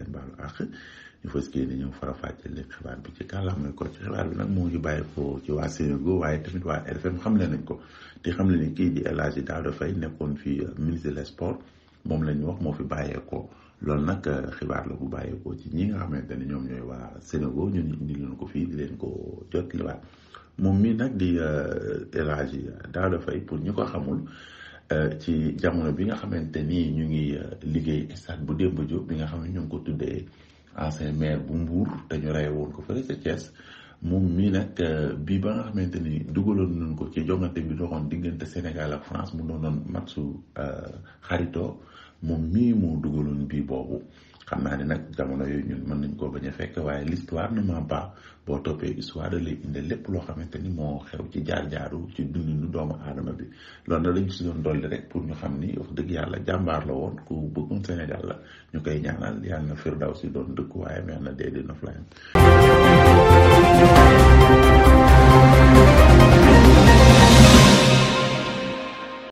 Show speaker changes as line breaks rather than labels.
leen baalu àq ñu fas yéene ñëw faram-fàcce leen xibaar bi ci kàllaama ko ci xibaar bi nag moo ngi bàyyi ko ci waa Sénégal waaye tamit waa RFM xam ne nañ ko te xam le ni kii di El Hadji Daouda Faye nekkoon fi euh, ministre des sports moom la ñu wax moo fi bàyyeekoo loolu nag euh, xibaar la bu bàyyeekoo ci ñi nga xamante ne ñoom ñooy waa Sénégal ñun indi leen ko fii di leen ko jot liwaat moom mii nag di euh, laa Hadji Daouda Faye pour ñi ko xamul Euh, ci jamono bi nga xamante ni ñu ngi euh, liggéey stade bu Demba Diop bi nga xam ne ñu ngi ko tuddee ancien maire bu mbuur te ñu woon ko fële sa Thiès moom mii nag euh, bii ba nga xamante ni dugaloon nañ ko ci jongante bi doxoon diggante Sénégal ak France mu doonoon matsu xaritoo moom mii moo dugaloon bii boobu xam naa ne nag jamono yooyu ñun mën nañ koo bañ a fekk waaye l'histoire ne ment pas boo toppee histoire da indi lépp loo xamante ni moo xew ci jaar ci loolu na lañ si doon dolli rek pour ñu xam ni wax dëgg yàlla jàmbaar la woon ku bëggum Sénégal la ñu koy ñaanal yàlla na firdaw si doon dëkkuwaayam yàlla na dee di noflaayam